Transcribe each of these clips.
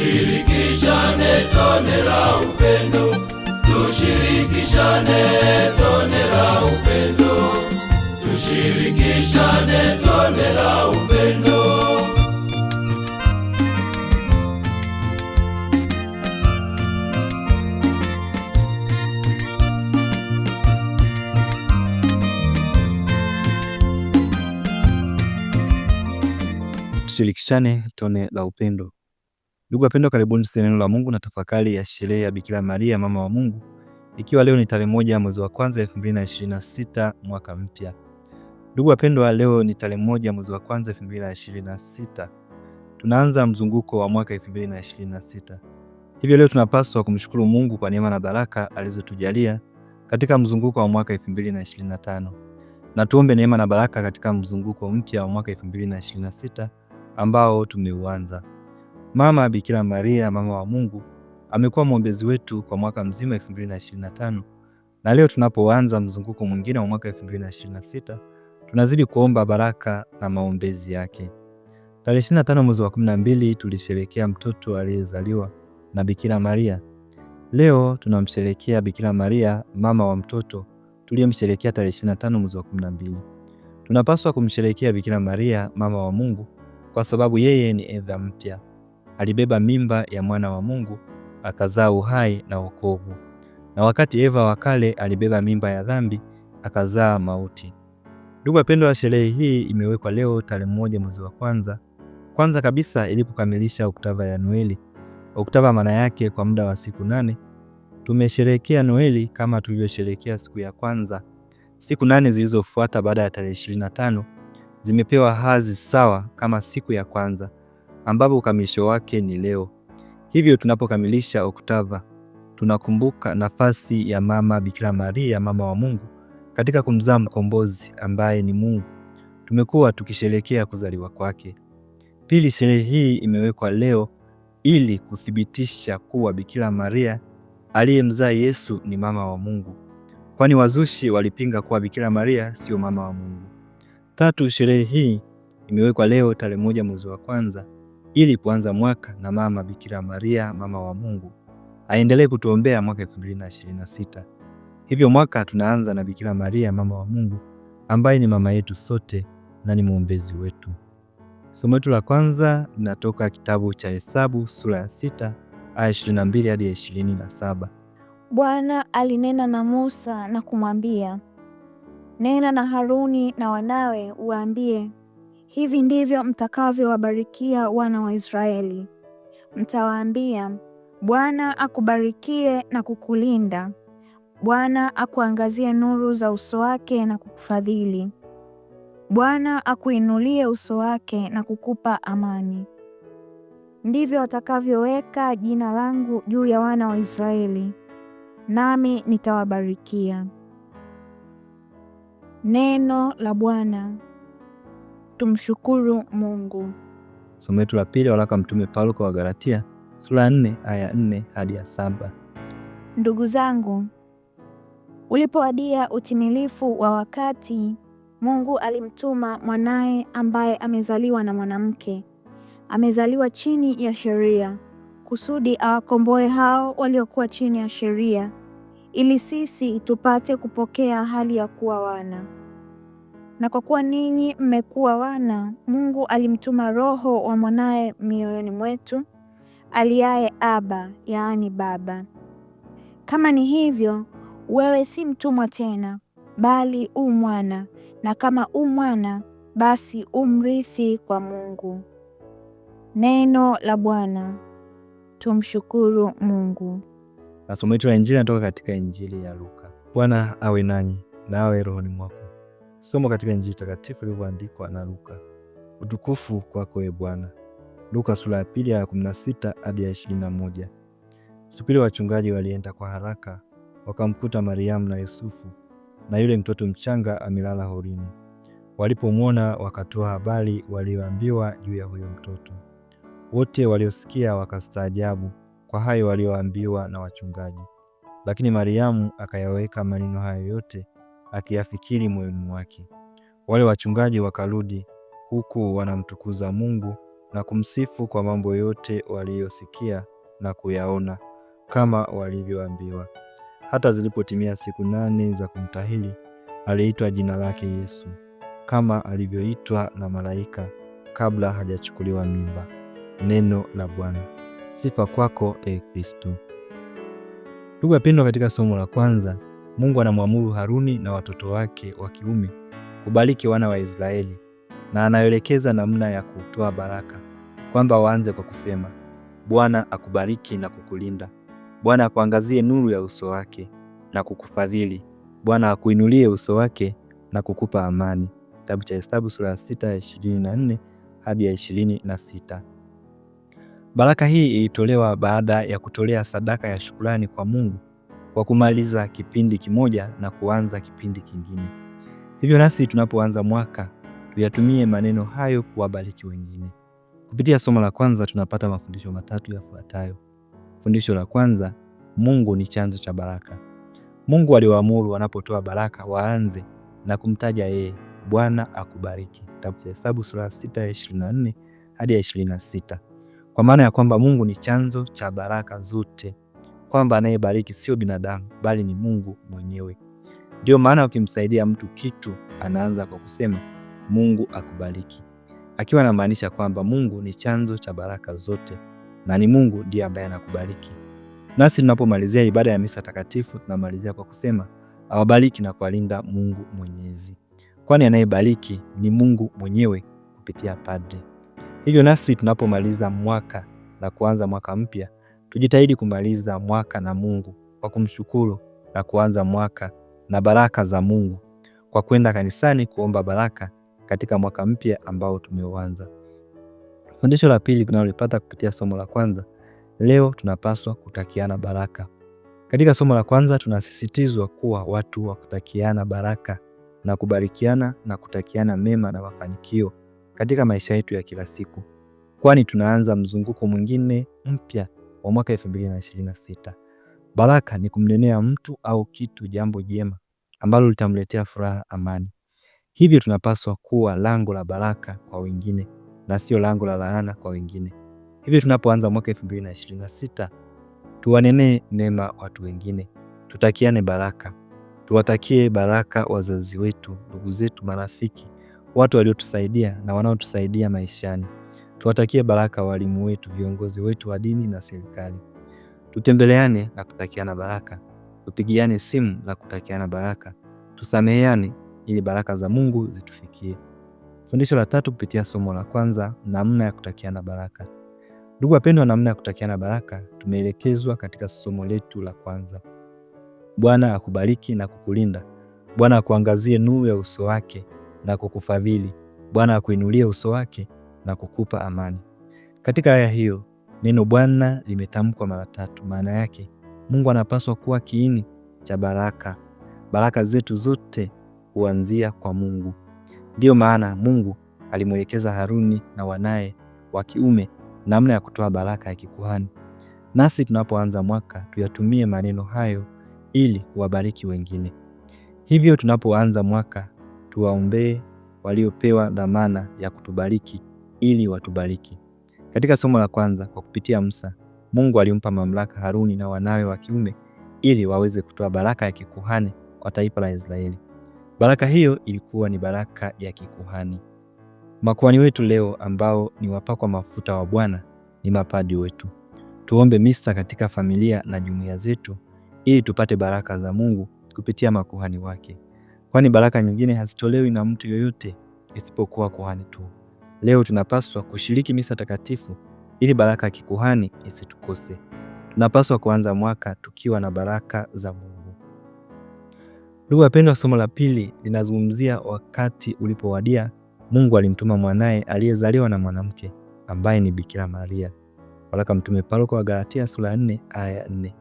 Tushirikishane tone la upendo, tushirikishane tone la upendo, tushirikishane tone la upendo. Tushirikishane tone la upendo. Ndugu wapendwa, karibuni katika neno la Mungu na tafakari ya sherehe ya Bikira Maria mama wa Mungu, ikiwa leo ni tarehe moja mwezi wa kwanza 2026 mwaka mpya. Ndugu wapendwa, leo ni tarehe moja mwezi wa kwanza 2026. Tunaanza mzunguko wa mwaka 2026. Hivyo leo tunapaswa kumshukuru Mungu kwa neema na baraka alizotujalia katika mzunguko wa mwaka 2025. Na tuombe neema na baraka katika mzunguko mpya wa mwaka 2026 ambao tumeuanza. Mama Bikira Maria, mama wa Mungu, amekuwa mwombezi wetu kwa mwaka mzima 2025 na leo tunapoanza mzunguko mwingine wa mwaka 2026 tunazidi kuomba baraka na maombezi yake. Tarehe 25 mwezi wa 12 tulisherekea mtoto aliyezaliwa na Bikira Maria. Leo tunamsherekea Bikira Maria, mama wa mtoto tuliyemsherekea tarehe 25 mwezi wa 12. Tunapaswa kumsherekea Bikira Maria, mama wa Mungu, kwa sababu yeye ni edha mpya alibeba mimba ya mwana wa Mungu akazaa uhai na wokovu, na wakati Eva wa kale alibeba mimba ya dhambi akazaa mauti. Ndugu wapendwa, wa sherehe hii imewekwa leo tarehe moja mwezi wa kwanza, kwanza kabisa ili kukamilisha oktava ya Noeli. Oktava maana yake kwa muda wa siku nane tumesherehekea Noeli kama tulivyosherehekea siku ya kwanza. Siku nane zilizofuata baada ya tarehe 25 zimepewa hadhi sawa kama siku ya kwanza ambapo ukamilisho wake ni leo. Hivyo tunapokamilisha oktava, tunakumbuka nafasi ya mama Bikira Maria, mama wa Mungu, katika kumzaa mkombozi ambaye ni Mungu. Tumekuwa tukisherekea kuzaliwa kwake. Pili, sherehe hii imewekwa leo ili kuthibitisha kuwa Bikira Maria aliyemzaa Yesu ni mama wa Mungu, kwani wazushi walipinga kuwa Bikira Maria sio mama wa Mungu. Tatu, sherehe hii imewekwa leo tarehe moja mwezi wa kwanza ili kuanza mwaka na mama Bikira Maria mama wa Mungu aendelee kutuombea mwaka 2026. Hivyo mwaka tunaanza na Bikira Maria mama wa Mungu ambaye ni mama yetu sote na ni mwombezi wetu. Somo letu la kwanza linatoka kitabu cha Hesabu sura ya sita aya 22 hadi 27. Bwana alinena na Musa na kumwambia, nena na Haruni na wanawe uwaambie Hivi ndivyo mtakavyowabarikia wana wa Israeli. Mtawaambia, Bwana akubarikie na kukulinda. Bwana akuangazie nuru za uso wake na kukufadhili. Bwana akuinulie uso wake na kukupa amani. Ndivyo watakavyoweka jina langu juu ya wana wa Israeli, nami nitawabarikia. Neno la Bwana tumshukuru Mungu. Somo letu la pili, waraka Mtume Paulo kwa Wagalatia sura nne aya nne hadi ya saba. Ndugu zangu, ulipowadia utimilifu wa wakati, Mungu alimtuma mwanaye ambaye amezaliwa na mwanamke, amezaliwa chini ya sheria, kusudi awakomboe hao waliokuwa chini ya sheria, ili sisi tupate kupokea hali ya kuwa wana na kwa kuwa ninyi mmekuwa wana, Mungu alimtuma Roho wa mwanaye mioyoni mwetu, aliaye Aba, yaani Baba. Kama ni hivyo, wewe si mtumwa tena, bali u mwana, na kama u mwana, basi u mrithi kwa Mungu. Neno la Bwana. Tumshukuru Mungu. Masomo wa Injili anatoka katika Injili ya Luka. Bwana awe nanyi, nawe rohoni mwako Somo katika Injili takatifu ilivyoandikwa na Luka. Utukufu kwako e Bwana. Luka sura ya pili ya 16 hadi ya 21. Siku ile wachungaji walienda kwa haraka wakamkuta Mariamu na Yusufu na yule mtoto mchanga amelala horini. Walipomwona wakatoa habari walioambiwa juu ya huyo mtoto. Wote waliosikia wakastaajabu kwa hayo walioambiwa na wachungaji, lakini Mariamu akayaweka maneno hayo yote akiyafikiri moyoni wake. Wale wachungaji wakarudi huku wanamtukuza Mungu na kumsifu kwa mambo yote waliyosikia na kuyaona kama walivyoambiwa. Hata zilipotimia siku nane za kumtahiri, aliitwa jina lake Yesu kama alivyoitwa na malaika kabla hajachukuliwa mimba. Neno la Bwana. Sifa kwako, e Kristo. Ndugu wapendwa, katika somo la kwanza Mungu anamwamuru Haruni na watoto wake wa kiume kubariki wana wa Israeli, na anaelekeza namna ya kutoa baraka, kwamba waanze kwa kusema, Bwana akubariki na kukulinda, Bwana akuangazie nuru ya uso wake na kukufadhili, Bwana akuinulie uso wake na kukupa amani. Kitabu cha Hesabu sura ya sita ya ishirini na nne hadi ya ishirini na sita. Baraka hii ilitolewa baada ya kutolea sadaka ya shukrani kwa Mungu kwa kumaliza kipindi kimoja na kuanza kipindi kingine. Hivyo nasi tunapoanza mwaka tuyatumie maneno hayo kuwabariki wengine. Kupitia somo la kwanza tunapata mafundisho matatu yafuatayo. Fundisho la kwanza, Mungu ni chanzo cha baraka. Mungu aliwaamuru wanapotoa baraka waanze na kumtaja yeye, Bwana akubariki. Kitabu cha Hesabu sura sita ya ishirini na nne hadi ya ishirini na sita kwa maana ya kwamba Mungu ni chanzo cha baraka zote kwamba anayebariki sio binadamu bali ni Mungu mwenyewe. Ndio maana ukimsaidia mtu kitu, anaanza kwa kusema Mungu akubariki, akiwa anamaanisha kwamba Mungu ni chanzo cha baraka zote na ni Mungu ndiye ambaye anakubariki. Nasi tunapomalizia ibada ya misa takatifu, tunamalizia kwa kusema awabariki na kuwalinda Mungu Mwenyezi, kwani anayebariki ni Mungu mwenyewe kupitia padri. Hivyo nasi tunapomaliza mwaka na kuanza mwaka mpya Tujitahidi kumaliza mwaka na Mungu kwa kumshukuru na kuanza mwaka na baraka za Mungu kwa kwenda kanisani kuomba baraka katika mwaka mpya ambao tumeuanza. Fundisho la pili tunalolipata kupitia somo la kwanza leo, tunapaswa kutakiana baraka. Katika somo la kwanza tunasisitizwa kuwa watu wa kutakiana baraka na kubarikiana na kutakiana mema na mafanikio katika maisha yetu ya kila siku, kwani tunaanza mzunguko mwingine mpya wa mwaka 2026. Baraka ni kumnenea mtu au kitu jambo jema ambalo litamletea furaha, amani. Hivyo tunapaswa kuwa lango la baraka kwa wengine na sio lango la laana kwa wengine. Hivyo tunapoanza mwaka 2026, tuwanenee mema watu wengine, tutakiane baraka, tuwatakie baraka wazazi wetu, ndugu zetu, marafiki, watu waliotusaidia na wanaotusaidia maishani. Tuwatakie baraka walimu wetu, viongozi wetu wa dini na serikali. Tutembeleane na kutakiana baraka, tupigiane simu na kutakiana baraka, tusameheane ili baraka za Mungu zitufikie. Fundisho la tatu kupitia somo la kwanza, namna ya kutakiana baraka. Ndugu wapendwa, namna ya kutakiana baraka tumeelekezwa katika somo letu la kwanza. Bwana akubariki na kukulinda. Bwana akuangazie nuru ya uso wake na kukufadhili. Bwana akuinulie uso wake na kukupa amani. Katika aya hiyo neno Bwana limetamkwa mara tatu. Maana yake Mungu anapaswa kuwa kiini cha baraka. Baraka zetu zote huanzia kwa Mungu. Ndiyo maana Mungu alimwelekeza Haruni na wanaye wa kiume namna ya kutoa baraka ya kikuhani. Nasi tunapoanza mwaka tuyatumie maneno hayo ili kuwabariki wengine. Hivyo tunapoanza mwaka tuwaombee waliopewa dhamana ya kutubariki ili watubariki. Katika somo la kwanza, kwa kupitia Musa, Mungu alimpa mamlaka Haruni na wanawe wa kiume ili waweze kutoa baraka ya kikuhani kwa taifa la Israeli. Baraka hiyo ilikuwa ni baraka ya kikuhani. Makuhani wetu leo ambao ni wapakwa mafuta wa Bwana ni mapadi wetu. Tuombe misa katika familia na jumuiya zetu ili tupate baraka za Mungu kupitia makuhani wake, kwani baraka nyingine hazitolewi na mtu yoyote isipokuwa kuhani tu. Leo tunapaswa kushiriki misa takatifu ili baraka ya kikuhani isitukose. Tunapaswa kuanza mwaka tukiwa na baraka za Mungu. Ndugu wapendwa, somo la pili linazungumzia wakati ulipowadia, Mungu alimtuma mwanaye aliyezaliwa na mwanamke ambaye ni Bikira Maria. Waraka Mtume Paulo kwa Galatia sura 4 aya 4.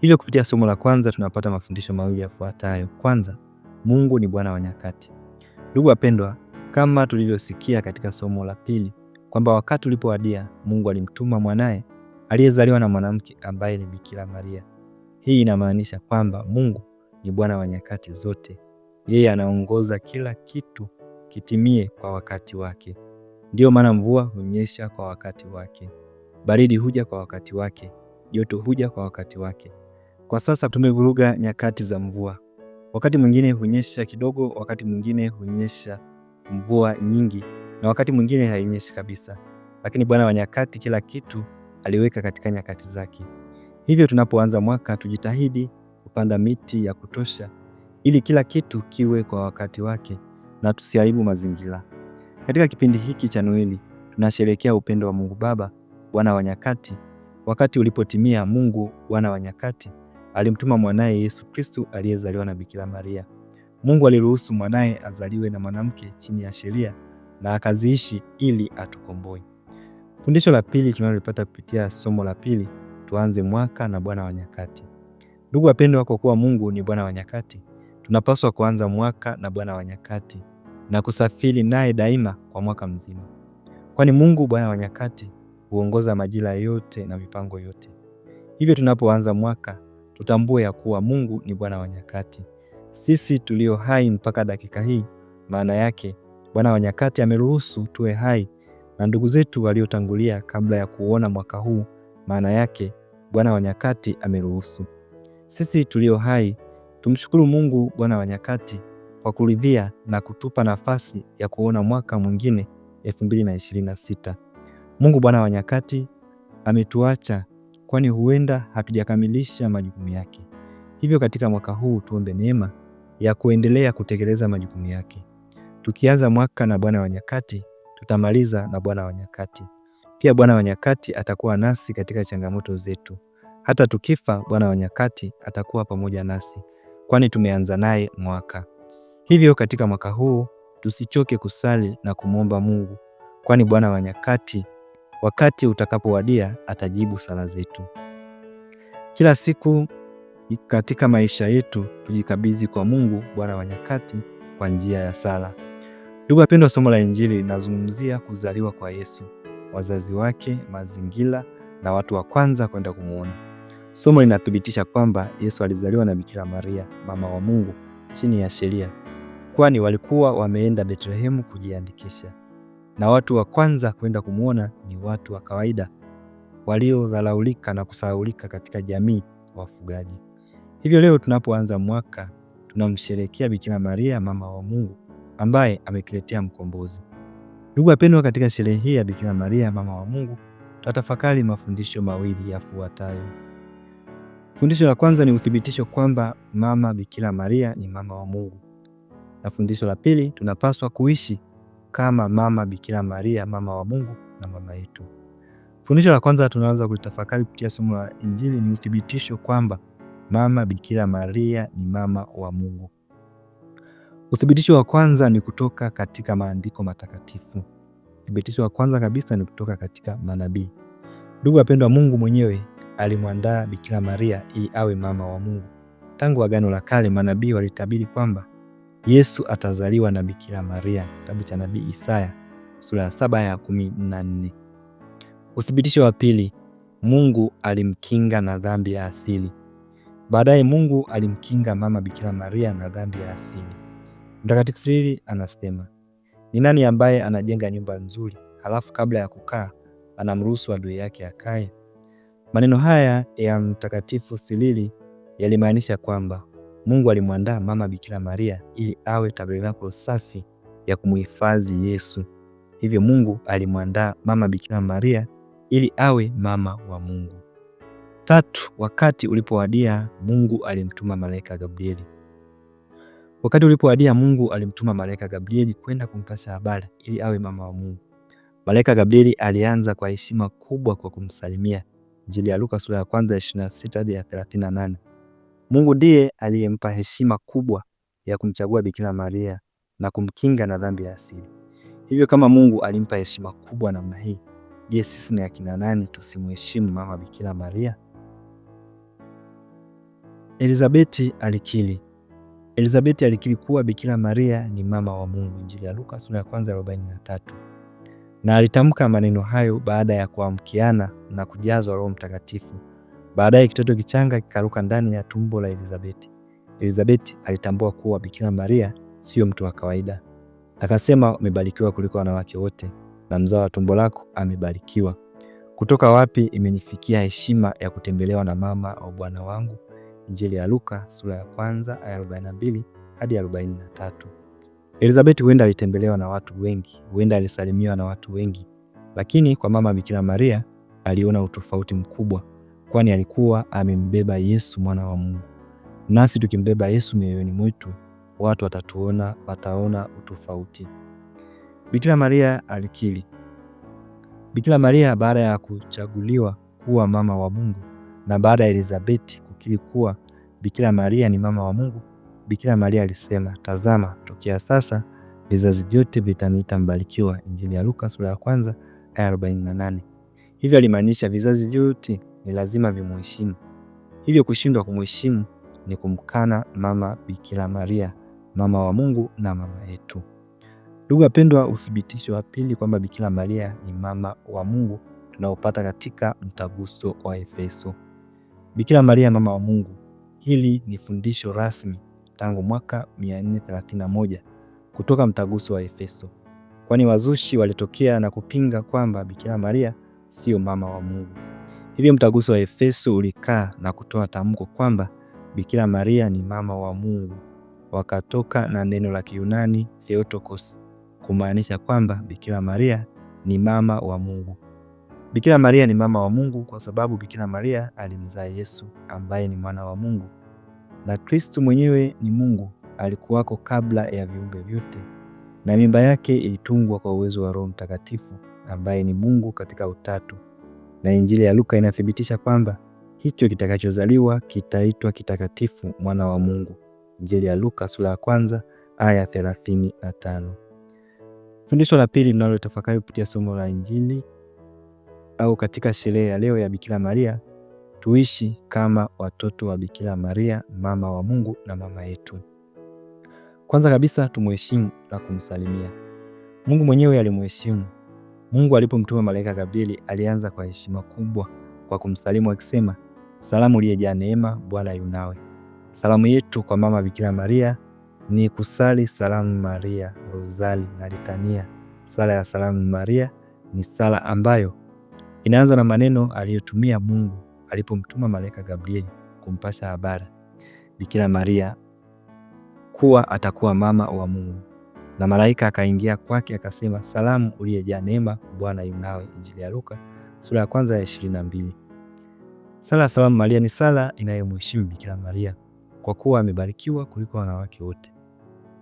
Hivyo kupitia somo la kwanza tunapata mafundisho mawili yafuatayo. Kwanza, Mungu ni Bwana wa nyakati. Ndugu wapendwa, kama tulivyosikia katika somo la pili kwamba wakati ulipowadia, Mungu alimtuma mwanaye aliyezaliwa na mwanamke ambaye ni Bikira Maria. Hii inamaanisha kwamba Mungu ni Bwana wa nyakati zote, yeye anaongoza kila kitu kitimie kwa wakati wake. Ndiyo maana mvua hunyesha kwa wakati wake, baridi huja kwa wakati wake, joto huja kwa wakati wake. Kwa sasa tumevuruga nyakati za mvua, wakati mwingine hunyesha kidogo, wakati mwingine hunyesha mvua nyingi na wakati mwingine hainyeshi kabisa, lakini Bwana wa nyakati kila kitu aliweka katika nyakati zake. Hivyo tunapoanza mwaka tujitahidi kupanda miti ya kutosha ili kila kitu kiwe kwa wakati wake na tusiharibu mazingira. Katika kipindi hiki cha Noeli tunasherekea upendo wa Mungu Baba, Bwana wa nyakati. Wakati ulipotimia, Mungu Bwana wa nyakati alimtuma mwanaye Yesu Kristu aliyezaliwa na Bikira Maria Mungu aliruhusu mwanaye azaliwe na mwanamke chini ya sheria na akaziishi ili atukomboe. Fundisho la pili tunalolipata kupitia somo la pili, tuanze mwaka na Bwana wa nyakati. Ndugu wapendwa, kwa kuwa Mungu ni Bwana wa nyakati, tunapaswa kuanza mwaka na Bwana wa nyakati na kusafiri naye daima kwa mwaka mzima, kwani Mungu Bwana wa nyakati huongoza majira yote na mipango yote. Hivyo tunapoanza mwaka tutambue ya kuwa Mungu ni Bwana wa nyakati. Sisi tulio hai mpaka dakika hii, maana yake Bwana wa nyakati ameruhusu tuwe hai na ndugu zetu waliotangulia kabla ya kuona mwaka huu, maana yake Bwana wa nyakati ameruhusu. Sisi tulio hai tumshukuru Mungu Bwana wa nyakati kwa kuridhia na kutupa nafasi ya kuona mwaka mwingine 2026. Mungu Bwana wa nyakati ametuacha, kwani huenda hatujakamilisha majukumu yake. Hivyo katika mwaka huu tuombe neema ya kuendelea kutekeleza majukumu yake. Tukianza mwaka na Bwana wa nyakati, tutamaliza na Bwana wa nyakati. Pia Bwana wa nyakati atakuwa nasi katika changamoto zetu. Hata tukifa, Bwana wa nyakati atakuwa pamoja nasi, kwani tumeanza naye mwaka. Hivyo katika mwaka huu tusichoke kusali na kumwomba Mungu, kwani Bwana wa nyakati, wakati utakapowadia, atajibu sala zetu kila siku katika maisha yetu tujikabidhi kwa Mungu Bwana wa nyakati kwa njia ya sala. Ndugu wapendwa, somo la Injili linazungumzia kuzaliwa kwa Yesu, wazazi wake, mazingira na watu wa kwanza kwenda kumuona. Somo linathibitisha kwamba Yesu alizaliwa na Bikira Maria, mama wa Mungu, chini ya sheria, kwani walikuwa wameenda Betlehemu kujiandikisha, na watu wa kwanza kwenda kumuona ni watu wa kawaida waliodhalaulika na kusahaulika katika jamii, wafugaji. Hivyo leo tunapoanza mwaka tunamsherekea Bikira Maria mama wa Mungu ambaye ametuletea mkombozi. Ndugu wapendwa, katika sherehe hii ya Bikira Maria mama wa Mungu tutatafakari mafundisho mawili yafuatayo. Fundisho la kwanza ni uthibitisho kwamba mama Bikira Maria ni mama wa Mungu, na fundisho la pili tunapaswa kuishi kama mama Bikira Maria mama wa Mungu na mama yetu. Fundisho la kwanza tunaanza kulitafakari kupitia somo la Injili ni uthibitisho kwamba Mama Bikira Maria ni mama wa Mungu. Uthibitisho wa kwanza ni kutoka katika maandiko matakatifu. Uthibitisho wa kwanza kabisa ni kutoka katika manabii. Ndugu wapendwa, Mungu mwenyewe alimwandaa Bikira Maria ili awe mama wa Mungu. Tangu Agano la Kale manabii walitabiri kwamba Yesu atazaliwa na Bikira Maria, kitabu cha nabii Isaya sura ya saba ya kumi na nne. Uthibitisho wa pili, Mungu alimkinga na dhambi ya asili. Baadaye Mungu alimkinga mama Bikira Maria na dhambi ya asili. Mtakatifu Sirili anasema, ni nani ambaye anajenga nyumba nzuri halafu kabla ya kukaa anamruhusu adui yake akae? Maneno haya ya Mtakatifu Sirili yalimaanisha kwamba Mungu alimwandaa mama Bikira Maria ili awe tabernakulo safi ya kumuhifadhi Yesu. Hivyo Mungu alimwandaa mama Bikira Maria ili awe mama wa Mungu tatu, wakati ulipowadia, Mungu alimtuma malaika Gabrieli. Wakati ulipowadia, Mungu alimtuma malaika Gabrieli kwenda kumpasa habari ili awe mama wa Mungu. Malaika Gabrieli alianza kwa heshima kubwa kwa kumsalimia. Injili ya Luka sura ya kwanza 26 hadi ya 38. Mungu ndiye aliyempa heshima kubwa ya kumchagua Bikira Maria na kumkinga na dhambi ya asili. Hivyo kama Mungu alimpa heshima kubwa namna hii, je, sisi ni akina nani tusimheshimu mama Bikira Maria? Elizabeti alikiri. Elizabeti alikiri kuwa Bikira Maria ni mama wa Mungu, Injili ya Luka sura ya kwanza 43. Na alitamka maneno hayo baada ya kuamkiana na kujazwa Roho Mtakatifu. Baadaye kitoto kichanga kikaruka ndani ya tumbo la Elizabeti. Elizabeti alitambua kuwa Bikira Maria sio mtu wa kawaida, akasema, umebarikiwa kuliko wanawake wote na mzao wa tumbo lako amebarikiwa. Kutoka wapi imenifikia heshima ya kutembelewa na mama wa Bwana wangu? Injili ya Luka sura ya kwanza aya 42 hadi 43. Elizabeth huenda alitembelewa na watu wengi, huenda alisalimiwa na watu wengi, lakini kwa mama Bikira Maria aliona utofauti mkubwa, kwani alikuwa amembeba Yesu mwana wa Mungu. Nasi tukimbeba Yesu mioyoni mwetu, watu watatuona, wataona utofauti. Bikira Maria alikiri. Bikira Maria baada ya kuchaguliwa kuwa mama wa Mungu na baada ya Elizabeth akili kuwa Bikira Maria ni mama wa Mungu. Bikira Maria alisema, tazama, tokea sasa vizazi vyote vitaniita mbarikiwa. Injili ya Luka sura ya kwanza aya 48. Hivyo alimaanisha vizazi vyote ni lazima vimuheshimu. Hivyo kushindwa kumuheshimu ni kumkana mama Bikira Maria, mama wa Mungu na mama yetu. Ndugu wapendwa, uthibitisho wa pili kwamba Bikira Maria ni mama wa Mungu tunaopata katika mtaguso wa Efeso. Bikira Maria mama wa Mungu. Hili ni fundisho rasmi tangu mwaka 431 kutoka mtaguso wa Efeso, kwani wazushi walitokea na kupinga kwamba Bikira Maria sio mama wa Mungu. Hivyo mtaguso wa Efeso ulikaa na kutoa tamko kwamba Bikira Maria ni mama wa Mungu. Wakatoka na neno la Kiyunani Theotokos kumaanisha kwamba Bikira Maria ni mama wa Mungu. Bikira Maria ni mama wa Mungu kwa sababu Bikira Maria alimzaa Yesu ambaye ni mwana wa Mungu, na Kristo mwenyewe ni Mungu, alikuwako kabla ya viumbe vyote, na mimba yake ilitungwa kwa uwezo wa Roho Mtakatifu ambaye ni Mungu katika Utatu, na Injili ya Luka inathibitisha kwamba hicho kitakachozaliwa kitaitwa kitakatifu, mwana wa Mungu. Injili ya Luka sura ya kwanza aya 35. Fundisho la pili tafakari kupitia somo la Injili au katika sherehe ya leo ya Bikira Maria, tuishi kama watoto wa Bikira Maria, mama wa Mungu na mama yetu. Kwanza kabisa tumuheshimu na kumsalimia. Mungu mwenyewe alimuheshimu. Mungu alipomtuma malaika Gabrieli alianza kwa heshima kubwa kwa kumsalimu akisema, salamu uliyejaa neema, Bwana yunawe. Salamu yetu kwa mama Bikira Maria ni kusali salamu Maria, rozali na litania. Sala ya salamu Maria ni sala ambayo Inaanza na maneno aliyotumia Mungu alipomtuma malaika Gabriel kumpasha habari Bikira Maria kuwa atakuwa mama wa Mungu, na malaika akaingia kwake akasema, salamu uliyejaa neema, Bwana yu nawe. Injili ya Luka sura ya kwanza ya 22. Sala Salamu Maria ni sala inayomheshimu Bikira Maria kwa kuwa amebarikiwa kuliko wanawake wote.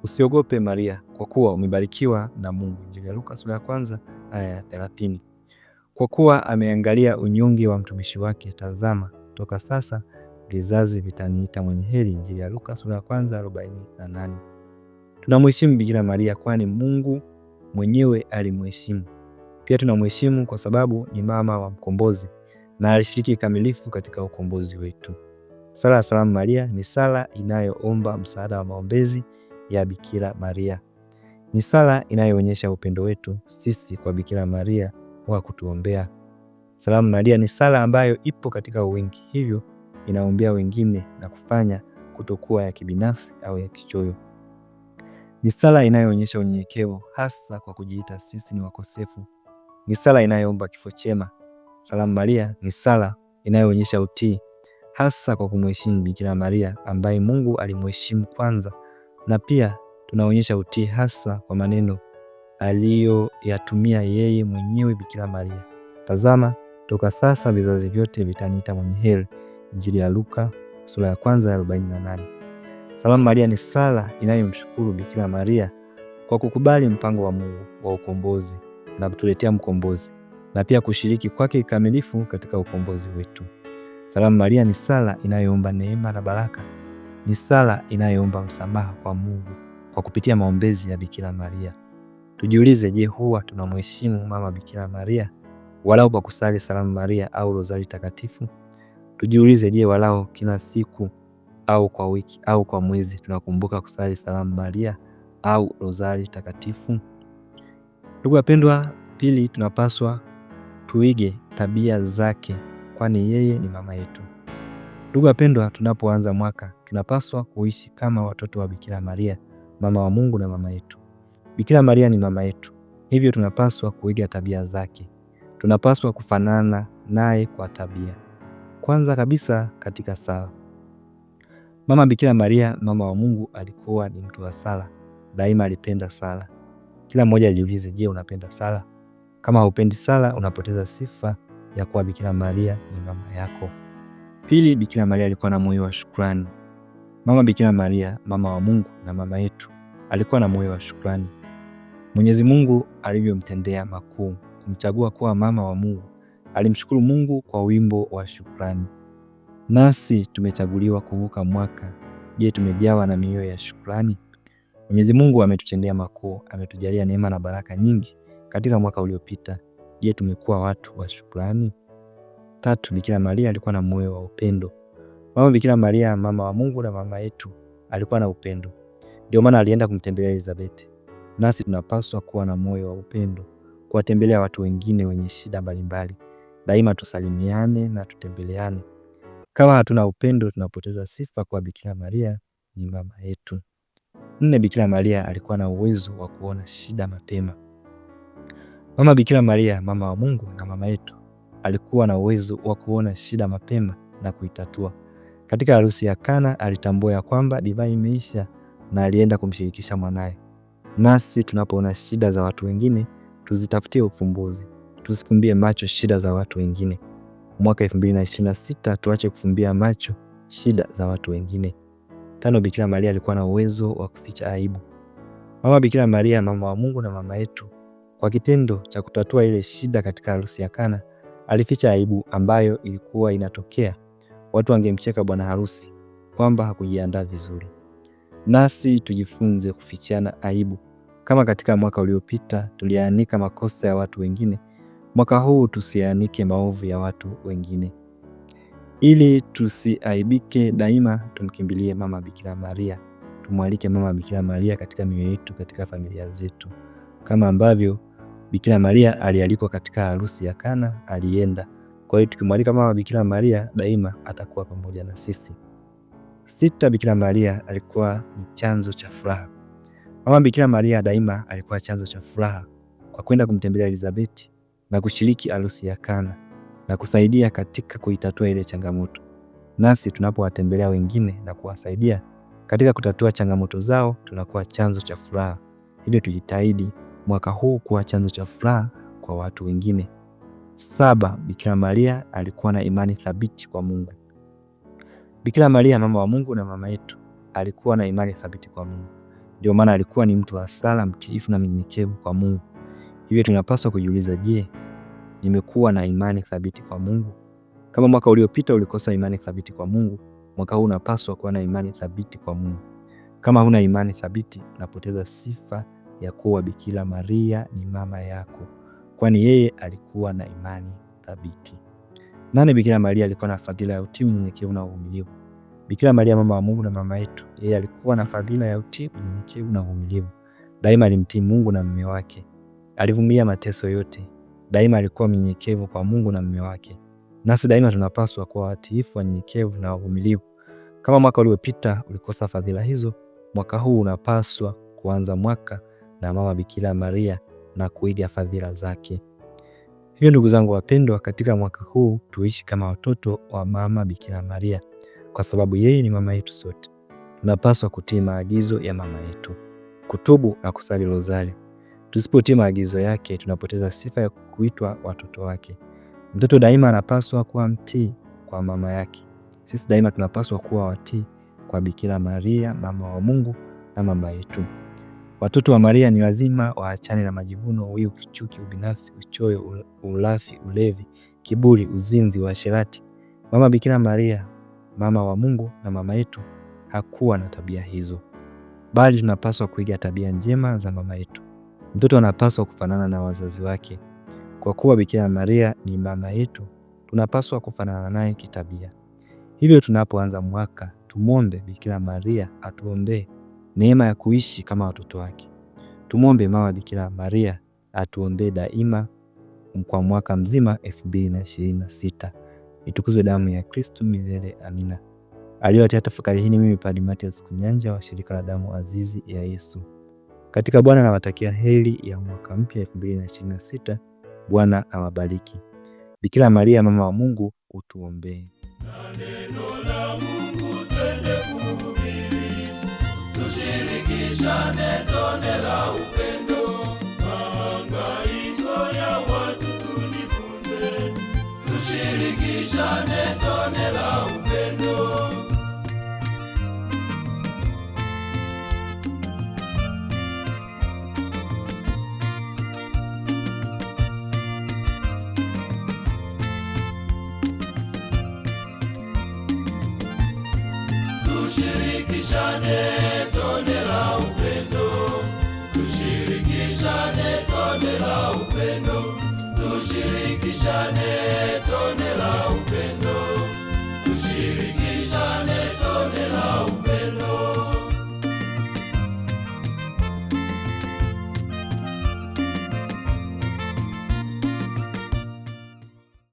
Usiogope Maria kwa kuwa umebarikiwa na Mungu. Injili ya Luka sura ya kwanza aya ya 30 kwa kuwa ameangalia unyonge wa mtumishi wake. Tazama, toka sasa vizazi vitaniita mwenye heri. Injili ya Luka sura ya kwanza 48. Tunamheshimu Bikira Maria kwani Mungu mwenyewe alimheshimu. Pia tunamheshimu kwa sababu ni mama wa mkombozi na alishiriki kikamilifu katika ukombozi wetu. Sala ya Salamu Maria ni sala inayoomba msaada wa maombezi ya Bikira Maria. Ni sala inayoonyesha upendo wetu sisi kwa Bikira Maria wa kutuombea. Salamu Maria ni sala ambayo ipo katika wingi, hivyo inaombea wengine na kufanya kutokuwa ya kibinafsi au ya kichoyo. Ni sala inayoonyesha unyenyekevu, hasa kwa kujiita sisi ni wakosefu. Ni sala inayoomba kifo chema. Salamu Maria ni sala inayoonyesha utii, hasa kwa kumheshimu Bikira Maria ambaye Mungu alimheshimu kwanza, na pia tunaonyesha utii hasa kwa maneno aliyoyatumia yeye mwenyewe Bikira Maria. Tazama, toka sasa vizazi vyote vitaniita mwenye heri. Injili ya Luka sura ya kwanza ya 48. Salamu Maria ni sala inayomshukuru Bikira Maria kwa kukubali mpango wa Mungu wa ukombozi na kutuletea mkombozi na pia kushiriki kwake kikamilifu katika ukombozi wetu. Salamu Maria ni sala inayoomba neema na baraka. Ni sala inayoomba msamaha kwa Mungu kwa kupitia maombezi ya Bikira Maria. Tujiulize, je, huwa tunamheshimu mama Bikira Maria walau kwa kusali Salamu Maria au Rozari Takatifu? Tujiulize, je, walau kila siku au kwa wiki au kwa mwezi tunakumbuka kusali Salamu Maria au Rozari Takatifu? Ndugu wapendwa, pili, tunapaswa tuige tabia zake, kwani yeye ni mama yetu. Ndugu wapendwa, tunapoanza mwaka tunapaswa kuishi kama watoto wa Bikira Maria, mama wa Mungu na mama yetu. Bikira Maria ni mama yetu, hivyo tunapaswa kuiga tabia zake. Tunapaswa kufanana naye kwa tabia, kwanza kabisa katika sala. Mama Bikira Maria, mama wa Mungu, alikuwa ni mtu wa sala, daima alipenda sala. Kila mmoja ajiulize, je, unapenda sala? Kama haupendi sala, unapoteza sifa ya kuwa Bikira Maria ni mama yako. Pili, Bikira Maria alikuwa na moyo wa shukrani. Mama Bikira Maria, mama wa Mungu na mama yetu, alikuwa na moyo wa shukrani. Mwenyezi Mungu alivyomtendea makuu kumchagua kuwa mama wa Mungu. Alimshukuru Mungu kwa wimbo wa shukrani. Nasi tumechaguliwa kuvuka mwaka. Je, tumejawa na mioyo ya shukrani? Mwenyezi Mungu ametutendea makuu, ametujalia neema na baraka nyingi katika mwaka uliopita. Je, tumekuwa watu wa shukrani? Tatu, Bikira Maria alikuwa na moyo wa upendo. Mama Bikira Maria, mama wa Mungu na mama yetu, alikuwa na upendo, ndio maana alienda kumtembelea Elizabeti nasi tunapaswa kuwa na moyo wa upendo, kuwatembelea watu wengine wenye shida mbalimbali. Daima tusalimiane na tutembeleane. Kama hatuna upendo, tunapoteza sifa kwa Bikira Maria, ni mama yetu. Nne, Bikira Maria alikuwa na uwezo wa kuona shida mapema. Mama Bikira Maria, mama wa Mungu na mama yetu, alikuwa na uwezo wa kuona shida mapema na kuitatua. Katika harusi ya Kana alitambua ya kwamba divai imeisha na alienda kumshirikisha mwanaye. Nasi tunapoona shida za watu wengine tuzitafutie ufumbuzi, tusifumbie macho shida za watu wengine. Mwaka 2026 tuache kufumbia macho shida za watu wengine. Tano, Bikira Maria alikuwa na uwezo wa kuficha aibu. Mama Bikira Maria, mama wa Mungu na mama yetu, kwa kitendo cha kutatua ile shida katika harusi ya Kana, alificha aibu ambayo ilikuwa inatokea. Watu wangemcheka bwana harusi kwamba hakujiandaa vizuri. Nasi tujifunze kufichiana aibu kama katika mwaka uliopita tulianika makosa ya watu wengine, mwaka huu tusianike maovu ya watu wengine. Ili tusiaibike daima, tumkimbilie Mama Bikira Maria, tumwalike Mama Bikira Maria katika mioyo yetu, katika familia zetu, kama ambavyo Bikira Maria alialikwa katika harusi ya Kana, alienda. Kwa hiyo tukimwalika Mama Bikira Maria daima atakuwa pamoja na sisi. Sita, Bikira Maria alikuwa ni chanzo cha furaha Mama Bikira Maria daima alikuwa chanzo cha furaha kwa kwenda kumtembelea Elizabeti na kushiriki harusi ya Kana na kusaidia katika kuitatua ile changamoto. Nasi tunapowatembelea wengine na kuwasaidia katika kutatua changamoto zao tunakuwa chanzo cha furaha. Hivyo tujitahidi mwaka huu kuwa chanzo cha furaha kwa watu wengine. Saba, Bikira Maria alikuwa na imani thabiti kwa Mungu. Bikira Maria mama wa Mungu na mama yetu alikuwa na imani thabiti kwa Mungu. Ndio maana alikuwa ni mtu wa sala, mtiifu na mnyenyekevu kwa Mungu. Hivyo tunapaswa kujiuliza, je, nimekuwa na imani thabiti kwa Mungu? Kama mwaka uliopita ulikosa imani thabiti kwa Mungu, mwaka huu unapaswa kuwa na imani thabiti kwa Mungu. Kama huna imani thabiti, unapoteza sifa ya kuwa Bikira Maria ni mama yako, kwani yeye alikuwa na imani thabiti. Nane Bikira Maria alikuwa na fadhila ya utii, unyenyekevu na uvumilivu. Bikira Maria mama wa Mungu na mama yetu, yeye alikuwa na fadhila ya utii, unyenyekevu na uvumilivu. Daima alimtii Mungu na mume wake, alivumilia mateso yote. Daima alikuwa mnyenyekevu kwa Mungu na mume wake. Nasi daima tunapaswa kuwa watiifu, wanyenyekevu na wavumilivu. Kama mwaka uliopita ulikosa fadhila hizo, mwaka huu unapaswa kuanza mwaka na mama Bikira Maria na kuiga fadhila zake. Hiyo ndugu zangu wapendwa, katika mwaka huu tuishi kama watoto wa mama Bikira Maria kwa sababu yeye ni mama yetu sote. Tunapaswa kutii maagizo ya mama yetu, kutubu na kusali rozari. Tusipotii maagizo yake, tunapoteza sifa ya kuitwa watoto wake. Mtoto daima anapaswa kuwa mtii kwa mama yake. Sisi daima tunapaswa kuwa watii kwa Bikira Maria, mama wa Mungu na mama yetu. Watoto wa Maria ni lazima waachane na majivuno, wivu, kichuki, ubinafsi, uchoyo, ulafi, ulevi, kiburi, uzinzi, uasherati. Mama Bikira Maria mama wa Mungu na mama yetu hakuwa na tabia hizo, bali tunapaswa kuiga tabia njema za mama yetu. Mtoto anapaswa kufanana na wazazi wake. Kwa kuwa Bikira Maria ni mama yetu, tunapaswa kufanana naye kitabia. Hivyo tunapoanza mwaka, tumwombe Bikira Maria atuombee neema ya kuishi kama watoto wake. Tumwombe mama Bikira Maria atuombee daima kwa mwaka mzima 2026. Itukuzwe damu ya Kristo milele. Amina. Aliyowatia tafakari hii ni mimi Padre Mathias Kunyanja wa shirika la damu azizi ya Yesu. Katika Bwana nawatakia heri ya mwaka mpya 2026. Bwana awabariki. Bikira Maria mama wa Mungu utuombee. tushirikishane tone la upendo